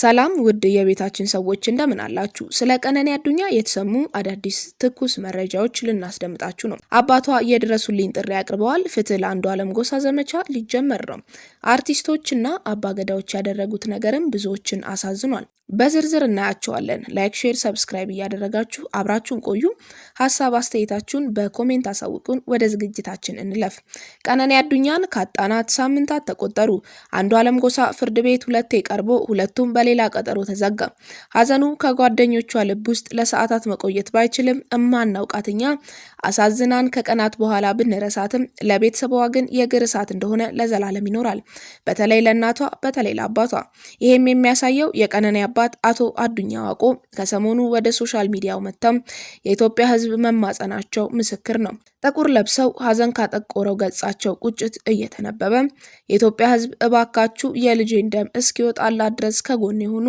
ሰላም ውድ የቤታችን ሰዎች እንደምን አላችሁ? ስለ ቀነኒ አዱኛ የተሰሙ አዳዲስ ትኩስ መረጃዎች ልናስደምጣችሁ ነው። አባቷ የድረሱልኝ ጥሪ አቅርበዋል። ፍትህ አለም ጎሳ ዘመቻ ሊጀመር ነው። አርቲስቶችና አባገዳዎች ያደረጉት ነገርም ብዙዎችን አሳዝኗል። በዝርዝር እናያቸዋለን። ላይክ፣ ሼር፣ ሰብስክራይብ እያደረጋችሁ አብራችሁን ቆዩ። ሀሳብ አስተያየታችሁን በኮሜንት አሳውቁን። ወደ ዝግጅታችን እንለፍ። ቀነኒ አዱኛን ካጣናት ሳምንታት ተቆጠሩ። አለም ጎሳ ፍርድ ቤት ሁለቴ ቀርቦ ሁለቱም በ ለሌላ ቀጠሮ ተዘጋ። ሀዘኑ ከጓደኞቿ ልብ ውስጥ ለሰዓታት መቆየት ባይችልም እማናውቃትኛ አሳዝናን ከቀናት በኋላ ብንረሳትም ለቤተሰቧ ግን የእግር እሳት እንደሆነ ለዘላለም ይኖራል። በተለይ ለእናቷ፣ በተለይ ለአባቷ። ይህም የሚያሳየው የቀነኒ አባት አቶ አዱኛ ዋቆ ከሰሞኑ ወደ ሶሻል ሚዲያው መጥተው የኢትዮጵያ ሕዝብ መማጸናቸው ምስክር ነው። ጥቁር ለብሰው ሀዘን ካጠቆረው ገጻቸው ቁጭት እየተነበበ የኢትዮጵያ ሕዝብ እባካችሁ የልጄን ደም እስኪወጣላት ድረስ ከጎን የሆኑ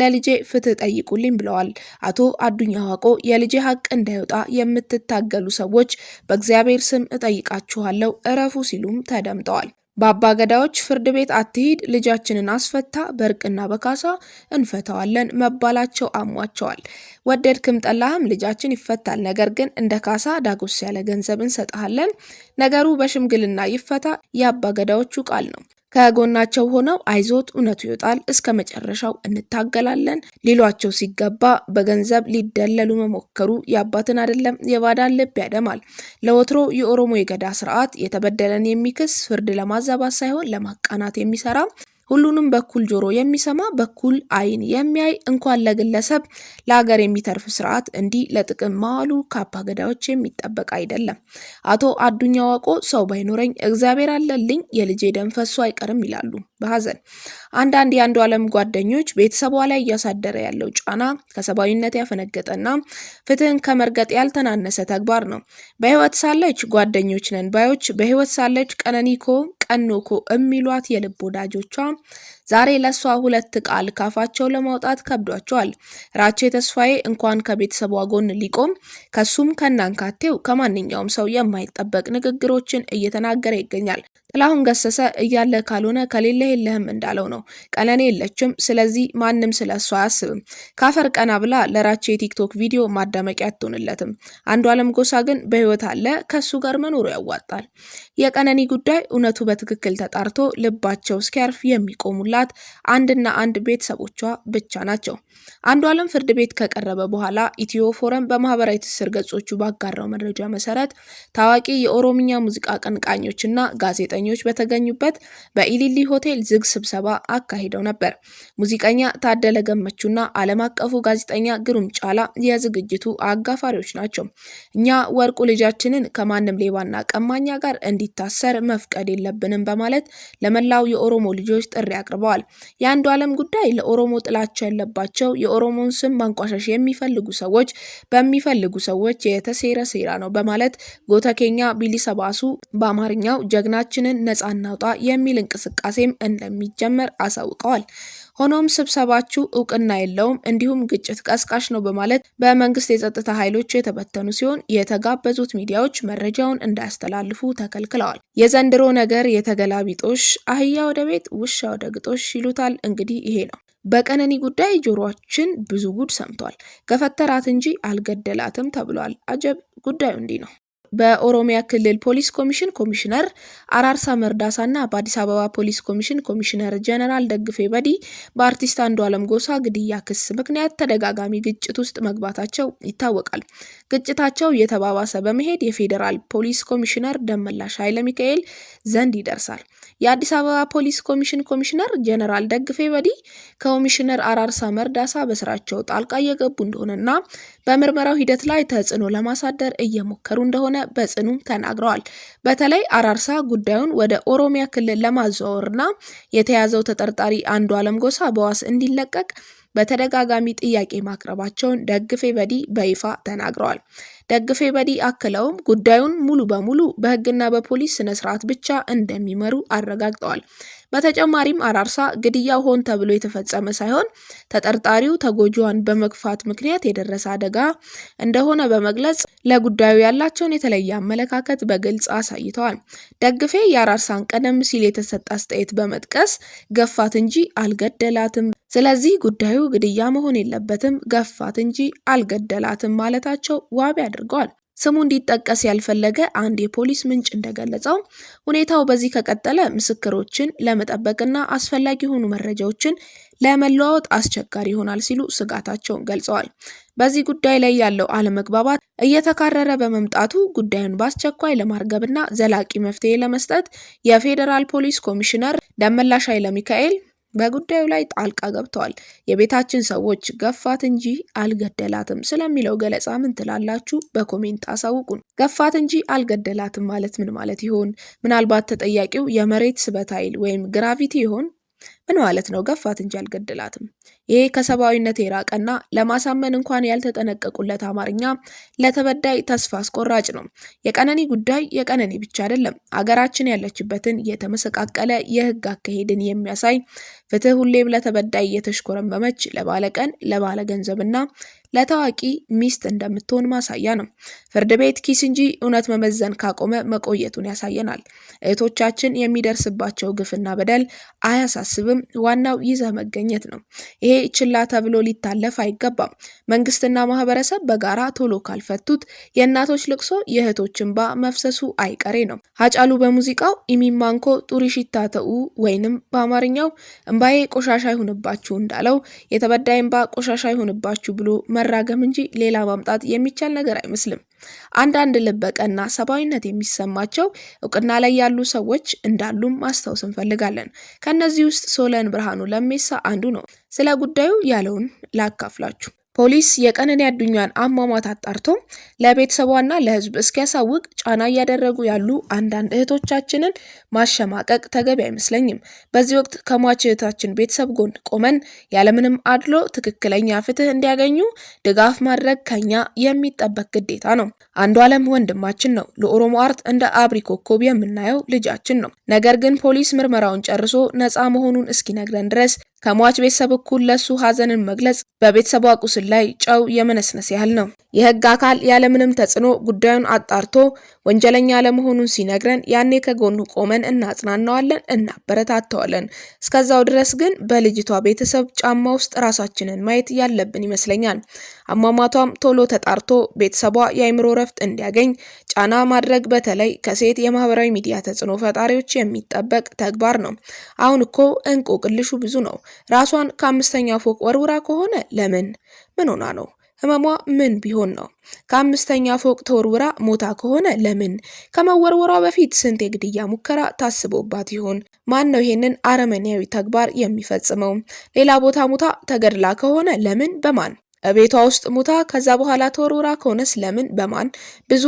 ለልጄ ፍትህ ጠይቁልኝ ብለዋል። አቶ አዱኛ ዋቆ የልጄ ሀቅ እንዳይወጣ የምትታገሉ ሰዎች በእግዚአብሔር ስም እጠይቃችኋለሁ እረፉ ሲሉም ተደምጠዋል። በአባገዳዎች ፍርድ ቤት አትሂድ፣ ልጃችንን አስፈታ፣ በእርቅና በካሳ እንፈታዋለን መባላቸው አሟቸዋል። ወደድክም ጠላህም ልጃችን ይፈታል፣ ነገር ግን እንደ ካሳ ዳጎስ ያለ ገንዘብ እንሰጥሃለን፣ ነገሩ በሽምግልና ይፈታ የአባገዳዎቹ ቃል ነው። ከጎናቸው ሆነው አይዞት እውነቱ ይወጣል፣ እስከ መጨረሻው እንታገላለን ሊሏቸው ሲገባ በገንዘብ ሊደለሉ መሞከሩ የአባትን አይደለም የባዳን ልብ ያደማል። ለወትሮ የኦሮሞ የገዳ ስርዓት የተበደለን የሚክስ ፍርድ ለማዛባት ሳይሆን ለማቃናት የሚሰራ ሁሉንም በኩል ጆሮ የሚሰማ በኩል አይን የሚያይ እንኳን ለግለሰብ ለሀገር የሚተርፍ ስርዓት እንዲህ ለጥቅም ማዋሉ ከአባ ገዳዎች የሚጠበቅ አይደለም። አቶ አዱኛ ዋቆ ሰው ባይኖረኝ እግዚአብሔር አለልኝ የልጄ ደም ፈሶ አይቀርም ይላሉ በሀዘን። አንዳንድ የአንዱ ዓለም ጓደኞች ቤተሰቧ ላይ እያሳደረ ያለው ጫና ከሰብአዊነት ያፈነገጠና ፍትህን ከመርገጥ ያልተናነሰ ተግባር ነው። በህይወት ሳለች ጓደኞች ነን ባዮች በህይወት ሳለች ቀነኒኮ ቀኖኮ የሚሏት የልብ ወዳጆቿ ዛሬ ለእሷ ሁለት ቃል ካፋቸው ለማውጣት ከብዷቸዋል። ራቼ ተስፋዬ እንኳን ከቤተሰቧ ጎን ሊቆም ከሱም ከናንካቴው ከማንኛውም ሰው የማይጠበቅ ንግግሮችን እየተናገረ ይገኛል። ጥላሁን ገሰሰ እያለ ካልሆነ ከሌለ የለህም እንዳለው ነው። ቀነኔ የለችም፣ ስለዚህ ማንም ስለ አያስብም። ካፈር ቀና ብላ ለራቸው የቲክቶክ ቪዲዮ ማዳመቂያ አትሆንለትም። አንዱ አለም ጎሳ ግን በህይወት አለ፣ ከሱ ጋር መኖሩ ያዋጣል። የቀነኒ ጉዳይ እውነቱ በትክክል ተጣርቶ ልባቸው እስኪያርፍ የሚቆሙላት አንድና አንድ ቤተሰቦቿ ብቻ ናቸው። አንዱ አለም ፍርድ ቤት ከቀረበ በኋላ ኢትዮ ፎረም በማህበራዊ ትስስር ገጾቹ ባጋራው መረጃ መሰረት ታዋቂ የኦሮምኛ ሙዚቃ አቀንቃኞችና ጋዜጠ ሙዚቀኞች በተገኙበት በኢሊሊ ሆቴል ዝግ ስብሰባ አካሂደው ነበር። ሙዚቀኛ ታደለ ገመቹና ዓለም አቀፉ ጋዜጠኛ ግሩም ጫላ የዝግጅቱ አጋፋሪዎች ናቸው። እኛ ወርቁ ልጃችንን ከማንም ሌባና ቀማኛ ጋር እንዲታሰር መፍቀድ የለብንም በማለት ለመላው የኦሮሞ ልጆች ጥሪ አቅርበዋል። የአንዱ ዓለም ጉዳይ ለኦሮሞ ጥላቻ ያለባቸው የኦሮሞን ስም ማንቋሸሽ የሚፈልጉ ሰዎች በሚፈልጉ ሰዎች የተሴረ ሴራ ነው በማለት ጎተኬኛ ቢሊሰባሱ በአማርኛው ጀግናችንን ሱዳንን ነጻ እናውጣ የሚል እንቅስቃሴም እንደሚጀመር አሳውቀዋል። ሆኖም ስብሰባችሁ እውቅና የለውም እንዲሁም ግጭት ቀስቃሽ ነው በማለት በመንግስት የጸጥታ ኃይሎች የተበተኑ ሲሆን የተጋበዙት ሚዲያዎች መረጃውን እንዳያስተላልፉ ተከልክለዋል። የዘንድሮ ነገር የተገላቢጦሽ አህያ ወደ ቤት ውሻ ወደ ግጦሽ ይሉታል። እንግዲህ ይሄ ነው። በቀነኒ ጉዳይ ጆሮችን ብዙ ጉድ ሰምቷል። ገፈተራት እንጂ አልገደላትም ተብሏል። አጀብ! ጉዳዩ እንዲህ ነው። በኦሮሚያ ክልል ፖሊስ ኮሚሽን ኮሚሽነር አራርሳ መርዳሳ እና በአዲስ አበባ ፖሊስ ኮሚሽን ኮሚሽነር ጀነራል ደግፌ በዲ በአርቲስት አንዱ አለም ጎሳ ግድያ ክስ ምክንያት ተደጋጋሚ ግጭት ውስጥ መግባታቸው ይታወቃል። ግጭታቸው እየተባባሰ በመሄድ የፌዴራል ፖሊስ ኮሚሽነር ደመላሽ ኃይለ ሚካኤል ዘንድ ይደርሳል። የአዲስ አበባ ፖሊስ ኮሚሽን ኮሚሽነር ጀነራል ደግፌ በዲ ከኮሚሽነር አራርሳ መርዳሳ በስራቸው ጣልቃ እየገቡ እንደሆነና በምርመራው ሂደት ላይ ተጽዕኖ ለማሳደር እየሞከሩ እንደሆነ በጽኑ ተናግረዋል። በተለይ አራርሳ ጉዳዩን ወደ ኦሮሚያ ክልል ለማዘዋወርና የተያዘው ተጠርጣሪ አንዱ አለም ጎሳ በዋስ እንዲለቀቅ በተደጋጋሚ ጥያቄ ማቅረባቸውን ደግፌ በዲ በይፋ ተናግረዋል። ደግፌ በዲ አክለውም ጉዳዩን ሙሉ በሙሉ በህግና በፖሊስ ስነስርዓት ብቻ እንደሚመሩ አረጋግጠዋል። በተጨማሪም አራርሳ ግድያው ሆን ተብሎ የተፈጸመ ሳይሆን ተጠርጣሪው ተጎጂዋን በመግፋት ምክንያት የደረሰ አደጋ እንደሆነ በመግለጽ ለጉዳዩ ያላቸውን የተለየ አመለካከት በግልጽ አሳይተዋል። ደግፌ የአራርሳን ቀደም ሲል የተሰጠ አስተያየት በመጥቀስ ገፋት እንጂ አልገደላትም ስለዚህ ጉዳዩ ግድያ መሆን የለበትም፣ ገፋት እንጂ አልገደላትም ማለታቸው ዋቢ አድርገዋል። ስሙ እንዲጠቀስ ያልፈለገ አንድ የፖሊስ ምንጭ እንደገለጸው ሁኔታው በዚህ ከቀጠለ ምስክሮችን ለመጠበቅና አስፈላጊ የሆኑ መረጃዎችን ለመለዋወጥ አስቸጋሪ ይሆናል ሲሉ ስጋታቸውን ገልጸዋል። በዚህ ጉዳይ ላይ ያለው አለመግባባት እየተካረረ በመምጣቱ ጉዳዩን በአስቸኳይ ለማርገብና ዘላቂ መፍትሄ ለመስጠት የፌዴራል ፖሊስ ኮሚሽነር ደመላሽ ኃይለ ሚካኤል በጉዳዩ ላይ ጣልቃ ገብተዋል። የቤታችን ሰዎች ገፋት እንጂ አልገደላትም ስለሚለው ገለጻ ምን ትላላችሁ? በኮሜንት አሳውቁን። ገፋት እንጂ አልገደላትም ማለት ምን ማለት ይሆን? ምናልባት ተጠያቂው የመሬት ስበት ኃይል ወይም ግራቪቲ ይሆን? ምን ማለት ነው? ገፋት እንጂ አልገድላትም። ይሄ ከሰብአዊነት የራቀና ለማሳመን እንኳን ያልተጠነቀቁለት አማርኛ ለተበዳይ ተስፋ አስቆራጭ ነው። የቀነኒ ጉዳይ የቀነኒ ብቻ አይደለም፣ አገራችን ያለችበትን የተመሰቃቀለ የህግ አካሄድን የሚያሳይ ፍትህ ሁሌም ለተበዳይ በመች ለባለቀን ለባለ ለታዋቂ ሚስት እንደምትሆን ማሳያ ነው። ፍርድ ቤት ኪስ እንጂ እውነት መመዘን ካቆመ መቆየቱን ያሳየናል። እህቶቻችን የሚደርስባቸው ግፍና በደል አያሳስብም ግብም ዋናው ይዘህ መገኘት ነው። ይሄ ችላ ተብሎ ሊታለፍ አይገባም። መንግስትና ማህበረሰብ በጋራ ቶሎ ካልፈቱት የእናቶች ልቅሶ፣ የእህቶች እንባ መፍሰሱ አይቀሬ ነው። ሀጫሉ በሙዚቃው ኢሚማንኮ ጡሪሽታተኡ ወይንም በአማርኛው እምባዬ ቆሻሻ ይሁንባችሁ እንዳለው የተበዳይ እንባ ቆሻሻ ይሁንባችሁ ብሎ መራገም እንጂ ሌላ ማምጣት የሚቻል ነገር አይመስልም። አንዳንድ ልበቀና ሰብአዊነት የሚሰማቸው እውቅና ላይ ያሉ ሰዎች እንዳሉም ማስታወስ እንፈልጋለን። ከእነዚህ ውስጥ ሶለን ብርሃኑ ለሜሳ አንዱ ነው። ስለ ጉዳዩ ያለውን ላካፍላችሁ። ፖሊስ የቀነኒ አዱኛን አሟሟት አጣርቶ ለቤተሰቧና ለሕዝብ እስኪያሳውቅ ጫና እያደረጉ ያሉ አንዳንድ እህቶቻችንን ማሸማቀቅ ተገቢ አይመስለኝም። በዚህ ወቅት ከሟች እህታችን ቤተሰብ ጎን ቆመን ያለምንም አድሎ ትክክለኛ ፍትህ እንዲያገኙ ድጋፍ ማድረግ ከኛ የሚጠበቅ ግዴታ ነው። አንዱ አለም ወንድማችን ነው። ለኦሮሞ አርት እንደ አብሪ ኮከብ የምናየው ልጃችን ነው። ነገር ግን ፖሊስ ምርመራውን ጨርሶ ነፃ መሆኑን እስኪነግረን ድረስ ከሟች ቤተሰብ እኩል ለሱ ሀዘንን መግለጽ በቤተሰቧ ቁስል ላይ ጨው የመነስነስ ያህል ነው። የህግ አካል ያለምንም ተጽዕኖ ጉዳዩን አጣርቶ ወንጀለኛ ለመሆኑን ሲነግረን ያኔ ከጎኑ ቆመን እናጽናናዋለን፣ እናበረታተዋለን። እስከዛው ድረስ ግን በልጅቷ ቤተሰብ ጫማ ውስጥ ራሳችንን ማየት ያለብን ይመስለኛል። አሟሟቷም ቶሎ ተጣርቶ ቤተሰቧ የአይምሮ ረፍት እንዲያገኝ ጫና ማድረግ በተለይ ከሴት የማህበራዊ ሚዲያ ተጽዕኖ ፈጣሪዎች የሚጠበቅ ተግባር ነው። አሁን እኮ እንቆቅልሹ ብዙ ነው። ራሷን ከአምስተኛ ፎቅ ወርውራ ከሆነ ለምን? ምን ሆና ነው? ህመሟ ምን ቢሆን ነው? ከአምስተኛ ፎቅ ተወርውራ ሞታ ከሆነ ለምን? ከመወርወሯ በፊት ስንት የግድያ ሙከራ ታስቦባት ይሆን? ማን ነው ይሄንን አረመኔያዊ ተግባር የሚፈጽመው? ሌላ ቦታ ሙታ ተገድላ ከሆነ ለምን? በማን? ቤቷ ውስጥ ሙታ ከዛ በኋላ ተወርውራ ከሆነስ ለምን? በማን? ብዙ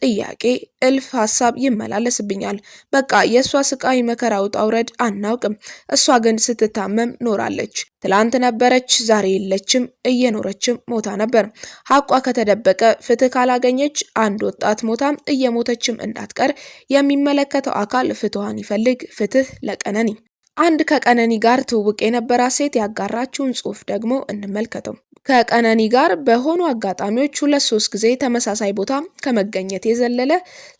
ጥያቄ እልፍ ሀሳብ ይመላለስብኛል። በቃ የእሷ ስቃይ መከራ ውጣ ውረድ አናውቅም። እሷ ግን ስትታመም ኖራለች። ትላንት ነበረች፣ ዛሬ የለችም፣ እየኖረችም ሞታ ነበር። ሀቋ ከተደበቀ ፍትህ ካላገኘች አንድ ወጣት ሞታም እየሞተችም እንዳትቀር የሚመለከተው አካል ፍትኋን ይፈልግ። ፍትህ ለቀነኒ። አንድ ከቀነኒ ጋር ትውውቅ የነበራት ሴት ያጋራችውን ጽሑፍ ደግሞ እንመልከተው። ከቀነኒ ጋር በሆኑ አጋጣሚዎች ሁለት ሶስት ጊዜ ተመሳሳይ ቦታ ከመገኘት የዘለለ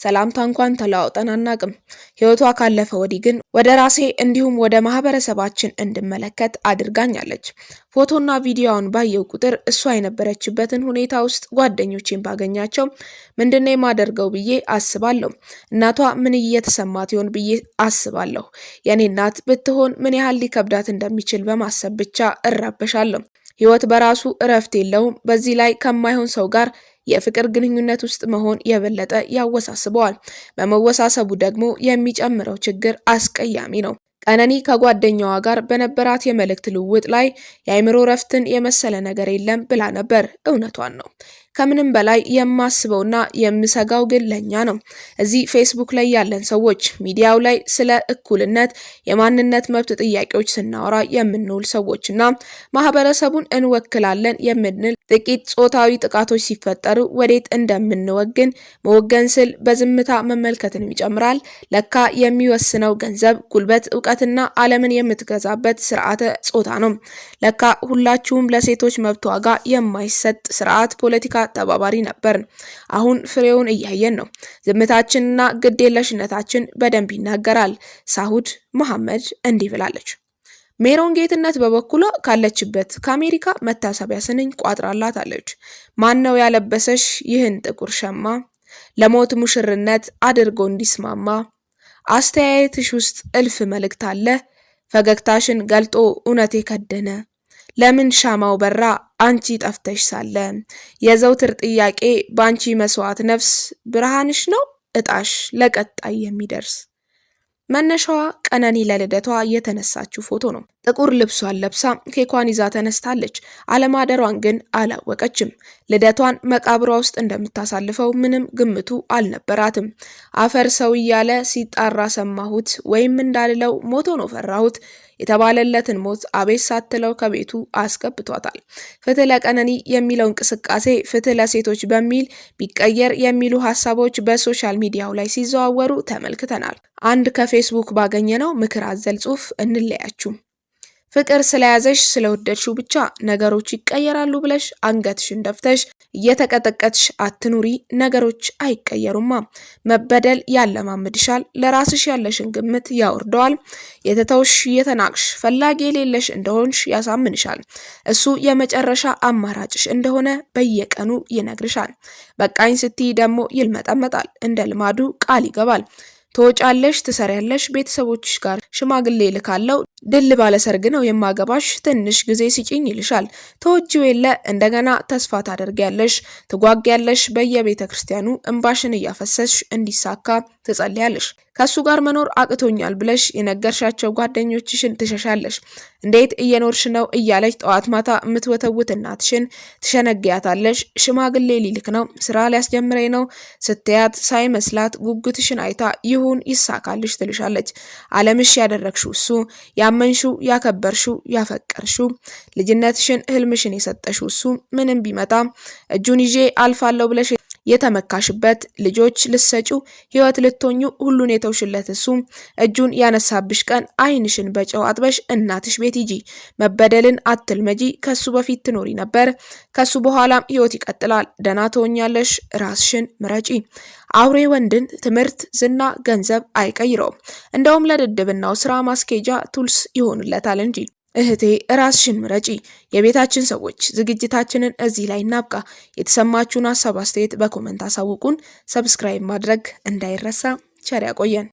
ሰላምታ እንኳን ተለዋውጠን አናቅም። ህይወቷ ካለፈ ወዲህ ግን ወደ ራሴ እንዲሁም ወደ ማህበረሰባችን እንድመለከት አድርጋኛለች። ፎቶና ቪዲዮውን ባየው ቁጥር እሷ የነበረችበትን ሁኔታ ውስጥ ጓደኞቼን ባገኛቸው ምንድነው የማደርገው ብዬ አስባለሁ። እናቷ ምን እየተሰማት ይሆን ብዬ አስባለሁ። የእኔ እናት ብትሆን ምን ያህል ሊከብዳት እንደሚችል በማሰብ ብቻ እረበሻለሁ። ህይወት በራሱ እረፍት የለውም። በዚህ ላይ ከማይሆን ሰው ጋር የፍቅር ግንኙነት ውስጥ መሆን የበለጠ ያወሳስበዋል። በመወሳሰቡ ደግሞ የሚጨምረው ችግር አስቀያሚ ነው። ቀነኒ ከጓደኛዋ ጋር በነበራት የመልእክት ልውውጥ ላይ የአእምሮ እረፍትን የመሰለ ነገር የለም ብላ ነበር። እውነቷን ነው። ከምንም በላይ የማስበውና የምሰጋው ግን ለእኛ ነው። እዚህ ፌስቡክ ላይ ያለን ሰዎች ሚዲያው ላይ ስለ እኩልነት፣ የማንነት መብት ጥያቄዎች ስናወራ የምንውል ሰዎችና ማህበረሰቡን እንወክላለን የምንል ጥቂት ጾታዊ ጥቃቶች ሲፈጠሩ ወዴት እንደምንወግን መወገን ስል በዝምታ መመልከትን ይጨምራል። ለካ የሚወስነው ገንዘብ፣ ጉልበት፣ እውቀትና ዓለምን የምትገዛበት ስርዓተ ጾታ ነው። ለካ ሁላችሁም ለሴቶች መብት ዋጋ የማይሰጥ ስርዓት ፖለቲካ ተባባሪ ነበርን። አሁን ፍሬውን እያየን ነው። ዝምታችንና ግድ የለሽነታችን በደንብ ይናገራል። ሳሁድ መሐመድ እንዲህ ብላለች። ሜሮን ጌትነት በበኩሏ ካለችበት ከአሜሪካ መታሰቢያ ስንኝ ቋጥራላታለች። ማን ነው ያለበሰሽ ይህን ጥቁር ሸማ ለሞት ሙሽርነት አድርጎ እንዲስማማ? አስተያየትሽ ውስጥ እልፍ መልእክት አለ፣ ፈገግታሽን ገልጦ እውነት የከደነ ለምን ሻማው በራ አንቺ ጠፍተሽ ሳለ የዘውትር ጥያቄ በአንቺ መስዋዕት ነፍስ ብርሃንሽ ነው እጣሽ ለቀጣይ የሚደርስ መነሻዋ ቀነኒ ለልደቷ የተነሳችው ፎቶ ነው። ጥቁር ልብሷን ለብሳ ኬኳን ይዛ ተነስታለች። አለማደሯን ግን አላወቀችም። ልደቷን መቃብሯ ውስጥ እንደምታሳልፈው ምንም ግምቱ አልነበራትም። አፈር ሰው እያለ ሲጣራ ሰማሁት፣ ወይም እንዳልለው ሞቶ ነው ፈራሁት የተባለለትን ሞት አቤት ሳትለው ከቤቱ አስገብቷታል። ፍትህ ለቀነኒ የሚለው እንቅስቃሴ ፍትህ ለሴቶች በሚል ቢቀየር የሚሉ ሀሳቦች በሶሻል ሚዲያው ላይ ሲዘዋወሩ ተመልክተናል። አንድ ከፌስቡክ ባገኘነው ምክር አዘል ጽሑፍ እንለያችሁ። ፍቅር ስለያዘሽ ስለወደድሽው ብቻ ነገሮች ይቀየራሉ ብለሽ አንገትሽን ደፍተሽ እየተቀጠቀጥሽ አትኑሪ። ነገሮች አይቀየሩማ። መበደል ያለማምድሻል፣ ለራስሽ ያለሽን ግምት ያወርደዋል። የተተውሽ እየተናቅሽ ፈላጊ የሌለሽ እንደሆንሽ ያሳምንሻል። እሱ የመጨረሻ አማራጭሽ እንደሆነ በየቀኑ ይነግርሻል። በቃኝ ስትይ ደግሞ ይልመጠመጣል። እንደ ልማዱ ቃል ይገባል። ትወጫለሽ፣ ትሰሪያለሽ፣ ቤተሰቦች ጋር ሽማግሌ ልካለው፣ ድል ባለሰርግ ነው የማገባሽ፣ ትንሽ ጊዜ ስጪኝ ይልሻል። ተወጂው የለ እንደገና ተስፋ ታደርጊያለሽ፣ ትጓጊያለሽ፣ በየቤተ ክርስቲያኑ እምባሽን እያፈሰሽ እንዲሳካ ትጸልያለሽ። ከእሱ ጋር መኖር አቅቶኛል ብለሽ የነገርሻቸው ጓደኞችሽን ትሸሻለሽ። እንዴት እየኖርሽ ነው እያለች ጠዋት ማታ የምትወተውት እናትሽን ትሸነግያታለሽ። ሽማግሌ ሊልክ ነው፣ ስራ ሊያስጀምረኝ ነው ስትያት ሳይመስላት ጉጉትሽን አይታ ይሁን ይሳካልሽ ትልሻለች። አለምሽ ያደረግሽው እሱ ያመንሽው፣ ያከበርሽው፣ ያፈቀርሽው ልጅነትሽን፣ ህልምሽን የሰጠሽው እሱ ምንም ቢመጣ እጁን ይዤ አልፋለሁ ብለሽ የተመካሽበት ልጆች ልሰጪው ህይወት ልትኙ ሁሉን የተውሽለት እሱ እጁን ያነሳብሽ ቀን አይንሽን በጨው አጥበሽ እናትሽ ቤት ሂጂ። መበደልን አትልመጂ ከሱ በፊት ትኖሪ ነበር፣ ከሱ በኋላም ህይወት ይቀጥላል። ደና ትሆኛለሽ፣ ራስሽን ምረጪ። አውሬ ወንድን ትምህርት፣ ዝና፣ ገንዘብ አይቀይረውም። እንደውም ለድድብናው ስራ ማስኬጃ ቱልስ ይሆንለታል እንጂ እህቴ ራስሽን ምረጪ። የቤታችን ሰዎች ዝግጅታችንን እዚህ ላይ እናብቃ። የተሰማችሁን ሀሳብ አስተያየት በኮመንት አሳውቁን። ሰብስክራይብ ማድረግ እንዳይረሳ። ቸር ያቆየን።